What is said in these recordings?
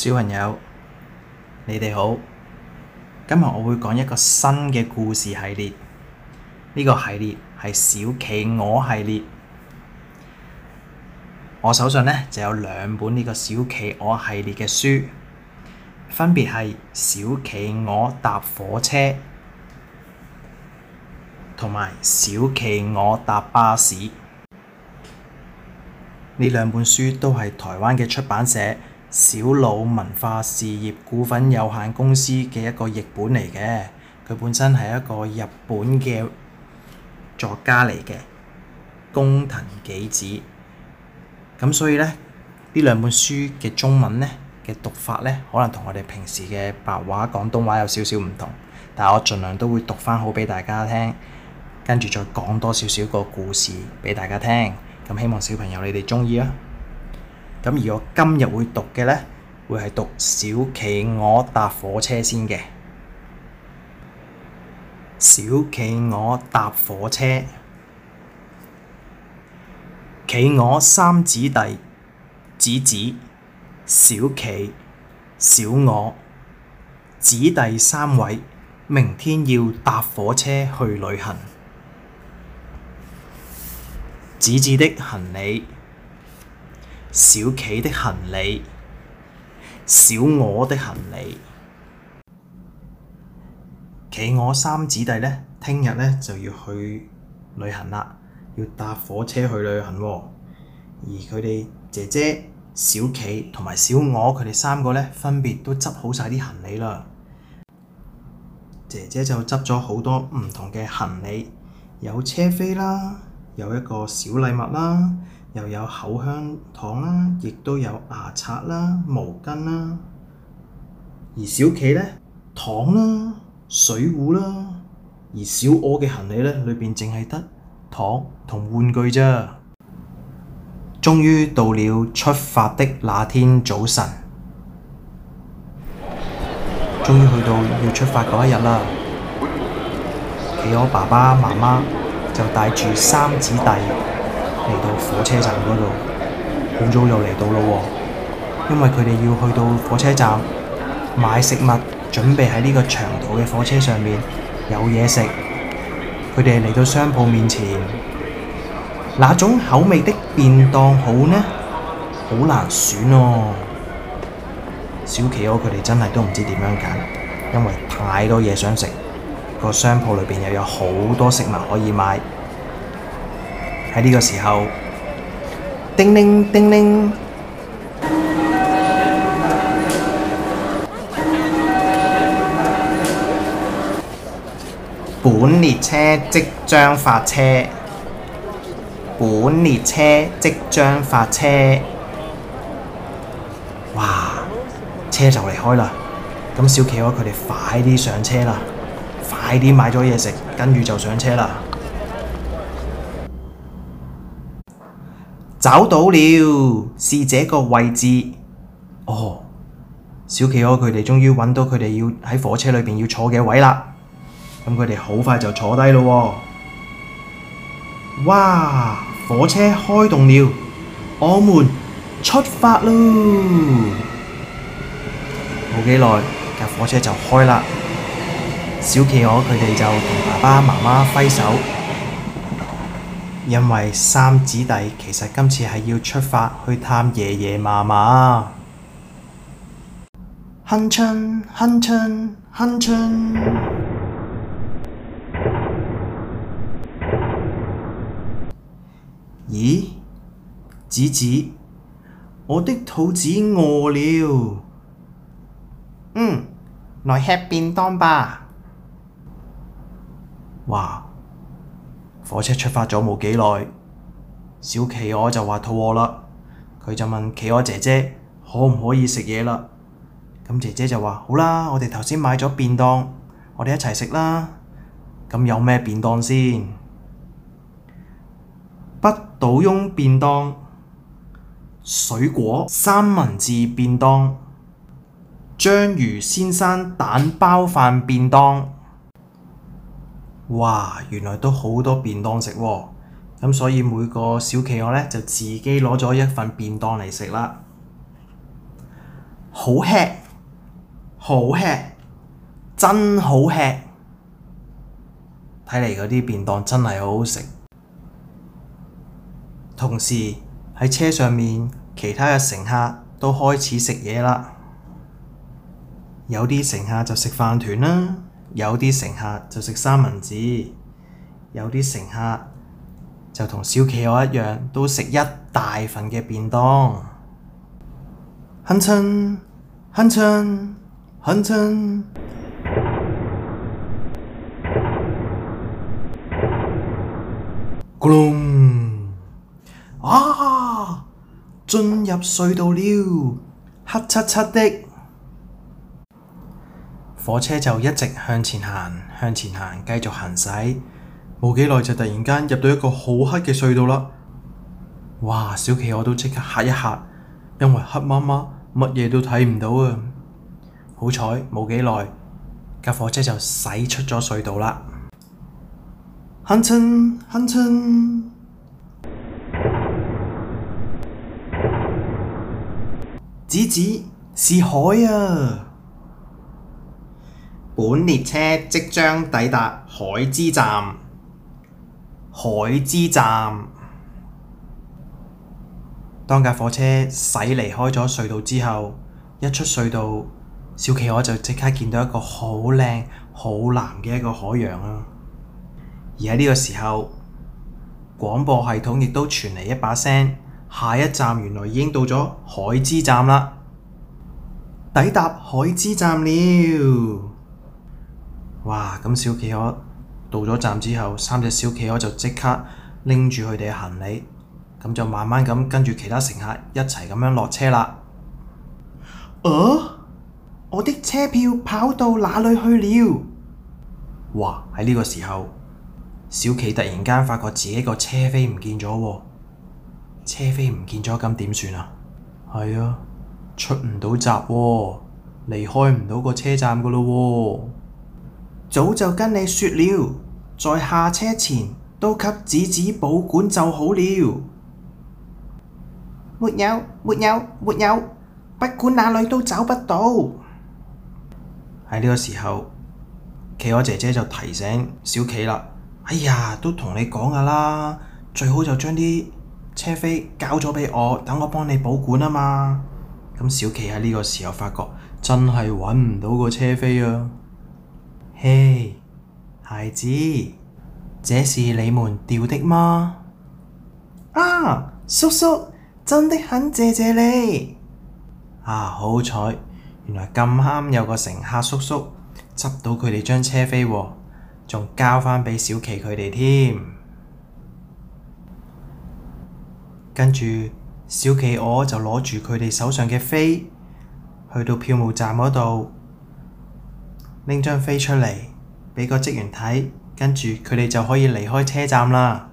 小朋友，你哋好！今日我會講一個新嘅故事系列，呢個系列係小企鵝系列。我手上呢就有兩本呢個小企鵝系列嘅書，分別係小企鵝搭火車同埋小企鵝搭巴士。呢兩本書都係台灣嘅出版社。小魯文化事業股份有限公司嘅一個譯本嚟嘅，佢本身係一個日本嘅作家嚟嘅，工藤紀子。咁所以咧，呢兩本書嘅中文咧嘅讀法咧，可能同我哋平時嘅白話廣東話有少少唔同，但係我盡量都會讀翻好俾大家聽，跟住再講多少少個故事俾大家聽，咁希望小朋友你哋中意啊！咁而我今日會讀嘅呢，會係讀小企鵝搭火車先嘅。小企鵝搭火車，企鵝三姐弟，子子、小企、小鵝，姐弟三位，明天要搭火車去旅行。子子的行李。小企的行李，小鵝的行李。企鵝三姊弟呢，聽日呢就要去旅行啦，要搭火車去旅行喎。而佢哋姐姐小企同埋小鵝，佢哋三個呢，分別都執好晒啲行李啦。姐姐就執咗好多唔同嘅行李，有車飛啦，有一個小禮物啦。又有口香糖啦，亦都有牙刷啦、毛巾啦。而小企呢，糖啦、水壺啦。而小鵝嘅行李呢，裏邊淨係得糖同玩具咋。終於到了出發的那天早晨，終於去到要出發嗰一日啦。企鵝爸爸媽媽就帶住三姊弟。嚟到火車站嗰度，好早就嚟到咯喎，因為佢哋要去到火車站買食物，準備喺呢個長途嘅火車上面有嘢食。佢哋嚟到商鋪面前，哪種口味的便當好呢？好難選哦，啊，小企鵝佢哋真係都唔知點樣揀，因為太多嘢想食，個商鋪裏邊又有好多食物可以買。喺呢個時候，叮鈴叮鈴，本列車即將發車，本列車即將發車。哇！車就嚟開喇。咁小企鵝佢哋快啲上車喇，快啲買咗嘢食，跟住就上車喇。找到了，是這個位置哦。小企鵝佢哋終於揾到佢哋要喺火車裏邊要坐嘅位啦。咁佢哋好快就坐低咯。哇，火車開動了，我們出發咯。冇幾耐架火車就開啦，小企鵝佢哋就同爸爸媽媽揮手。因為三姊弟其實今次係要出發去探爺爺嫲嫲啊！哼春，哼春，哼春。咦，姊姊，我的肚子餓了。嗯，來吃便當吧。哇！火車出發咗冇幾耐，小企鵝就話肚餓啦。佢就問企鵝姐姐可唔可以食嘢啦？咁姐姐就話：好啦，我哋頭先買咗便當，我哋一齊食啦。咁有咩便當先？不倒翁便當、水果三文治便當、章魚先生蛋包飯便當。哇！原來都好多便當食喎。哦，咁、嗯、所以每個小企鵝呢，就自己攞咗一份便當嚟食啦。好吃，好吃，真好吃！睇嚟嗰啲便當真係好好食。同時喺車上面，其他嘅乘客都開始食嘢啦。有啲乘客就食飯團啦。有啲乘客就食三文治，有啲乘客就同小企鵝一樣，都食一大份嘅便當。哼親，哼親，哼親，咕隆！啊，進入隧道了，黑漆漆的。火車就一直向前行，向前行，繼續行駛。冇幾耐就突然間入到一個好黑嘅隧道啦。哇，小琪我都即刻吓一吓，因為黑麻麻，乜嘢都睇唔到啊。好彩冇幾耐架火車就駛出咗隧道啦。哼，鏘哼，鏘，子， 指，指是海啊！本列車即將抵達海之站。海之站。當架火車駛離開咗隧道之後，一出隧道，小企鵝就即刻見到一個好靚、好藍嘅一個海洋啦，啊。而喺呢個時候，廣播系統亦都傳嚟一把聲：下一站原來已經到咗海之站啦，抵達海之站了。哇！咁小企鵝到咗站之後，三隻小企鵝就即刻拎住佢哋嘅行李，咁就慢慢咁跟住其他乘客一齊咁樣落車啦。呃、啊，我的車票跑到哪裏去了？哇！喺呢個時候，小企突然間發覺自己個車飛唔見咗喎，車飛唔見咗咁點算啊？係啊，出唔到閘喎、哦，離開唔到個車站噶咯喎。早就跟你說了，在下車前都給姊姊保管就好了。沒有沒有沒有，不管哪裏都找不到。喺呢個時候，企鵝姐姐就提醒小企啦，哎呀，都同你講噶啦，最好就將啲車飛交咗畀我，等我幫你保管啊嘛。咁小企喺呢個時候發覺，真係揾唔到個車飛啊！嘿，hey，孩子，這是你們掉的嗎？啊，叔叔，真的很謝謝你。啊，好彩，原來咁啱有個乘客叔叔執到佢哋張車飛喎，仲交返畀小企鵝佢哋添。跟住小企鵝我就攞住佢哋手上嘅飛，去到票務站嗰度。拎張飛出嚟，畀個職員睇，跟住佢哋就可以離開車站啦。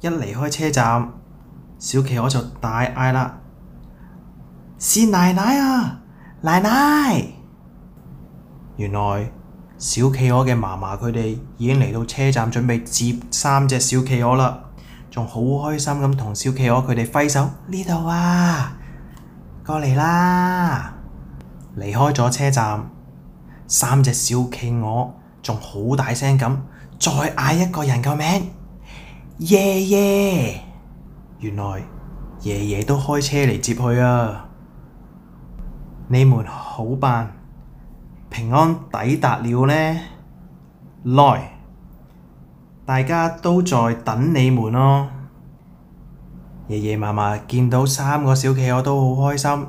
一離開車站，小企鵝就大嗌啦：是奶奶啊，奶奶！原來小企鵝嘅嫲嫲佢哋已經嚟到車站準備接三隻小企鵝啦，仲好開心咁同小企鵝佢哋揮手，呢度啊，過嚟啦！離開咗車站。三隻小企鵝仲好大聲咁，再嗌一個人個名，爺爺，原來爺爺都開車嚟接佢啊！你們好辦，平安抵達了呢！來，大家都在等你們咯，啊。爺爺嫲嫲見到三個小企鵝都好開心，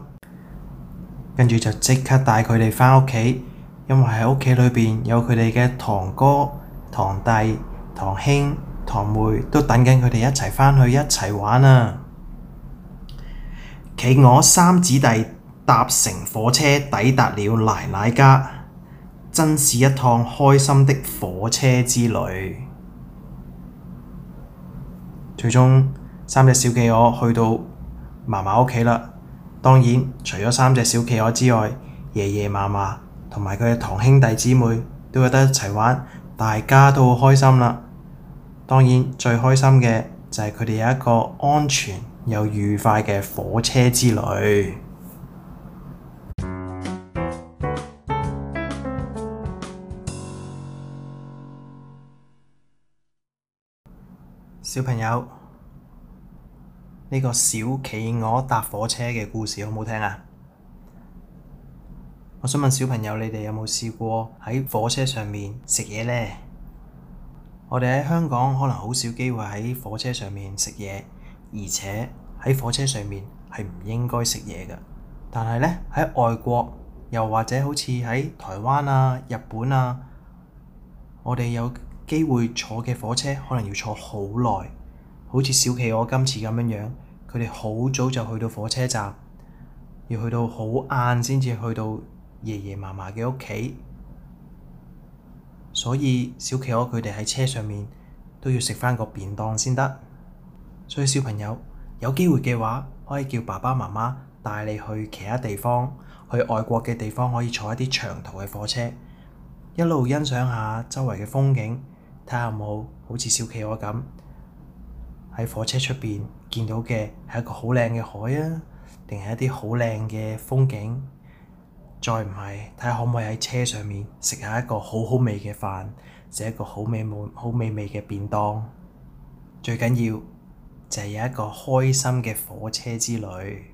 跟住就即刻帶佢哋返屋企。因為喺屋企裏邊有佢哋嘅堂哥、堂弟、堂兄、堂妹，都等緊佢哋一齊返去一齊玩啊！企鵝三姊弟搭乘火車抵達了奶奶家，真是一趟開心的火車之旅。最終，三隻小企鵝去到嫲嫲屋企啦。當然，除咗三隻小企鵝之外，爺爺嫲嫲。同埋佢嘅堂兄弟姊妹都覺得一齊玩，大家都好開心啦。當然最開心嘅就係佢哋有一個安全又愉快嘅火車之旅。 小朋友，呢個小企鵝搭火車嘅故事好唔好聽啊？我想問小朋友，你哋有冇試過喺火車上面食嘢呢？我哋喺香港可能好少機會喺火車上面食嘢，而且喺火車上面係唔應該食嘢嘅。但係呢，喺外國，又或者好似喺台灣啊、日本啊，我哋有機會坐嘅火車可能要坐好耐，好似小企鵝今次咁樣樣，佢哋好早就去到火車站，要去到好晏先至去到爺爺嫲嫲嘅屋企，所以小企鵝佢哋喺車上面都要食返個便當先得。所以小朋友有機會嘅話，可以叫爸爸媽媽帶你去其他地方，去外國嘅地方可以坐一啲長途嘅火車，一路欣賞下周圍嘅風景，睇下有冇好似小企鵝咁喺火車出邊見到嘅係一個好靚嘅海啊，定係一啲好靚嘅風景？再唔係，睇下可唔可以喺車上面食下一個好好味嘅飯，食一個好美味、好美味嘅便當。最緊要就係有一個開心嘅火車之旅。